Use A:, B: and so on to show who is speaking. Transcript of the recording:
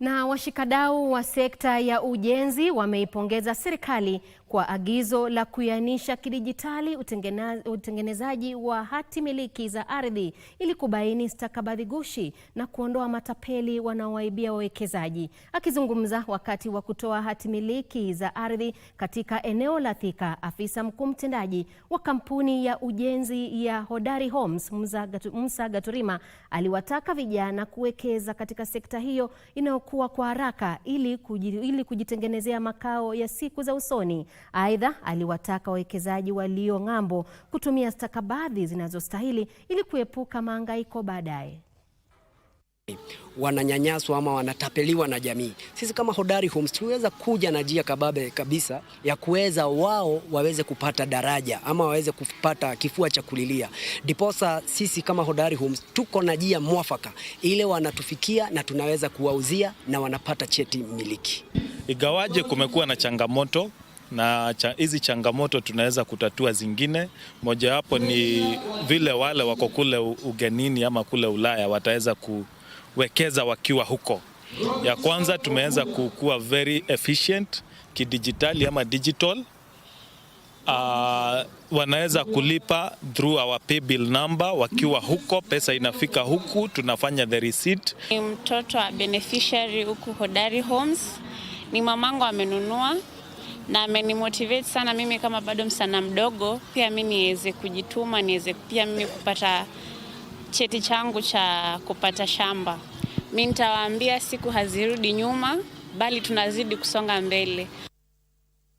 A: Na washikadau wa sekta ya ujenzi wameipongeza serikali kwa agizo la kuianisha kidijitali utengenezaji wa hati miliki za ardhi ili kubaini stakabadhi gushi na kuondoa matapeli wanaowaibia wawekezaji. Akizungumza wakati wa kutoa hati miliki za ardhi katika eneo la Thika, afisa mkuu mtendaji wa kampuni ya ujenzi ya Hodari Homes Musa Gaturima aliwataka vijana kuwekeza katika sekta hiyo inayo kukua kwa haraka ili kujitengenezea makao ya siku za usoni. Aidha, aliwataka wawekezaji walio ng'ambo kutumia stakabadhi zinazostahili ili kuepuka maangaiko baadaye
B: wananyanyaswa ama wanatapeliwa na jamii. Sisi kama Hodari Homes tuweza kuja na njia kababe kabisa ya kuweza wao waweze kupata daraja ama waweze kupata kifua cha kulilia. Ndiposa sisi kama Hodari Homes tuko na njia mwafaka ile wanatufikia na tunaweza kuwauzia na wanapata cheti miliki.
C: Igawaje kumekuwa na changamoto na hizi changamoto tunaweza kutatua zingine. Mojawapo ni vile wale wako kule ugenini ama kule Ulaya wataweza ku wekeza wakiwa huko. Ya kwanza tumeweza kukuwa very efficient kidijitali ama digital. Uh, wanaweza kulipa through our paybill number wakiwa huko, pesa inafika huku, tunafanya the receipt.
D: Ni mtoto wa beneficiary huku Hodari Homes, ni mamangu amenunua na amenimotivate sana mimi kama bado msana mdogo, pia mimi niweze kujituma, niweze pia mimi kupata cheti changu cha kupata shamba. Mi nitawaambia siku hazirudi nyuma, bali tunazidi kusonga mbele.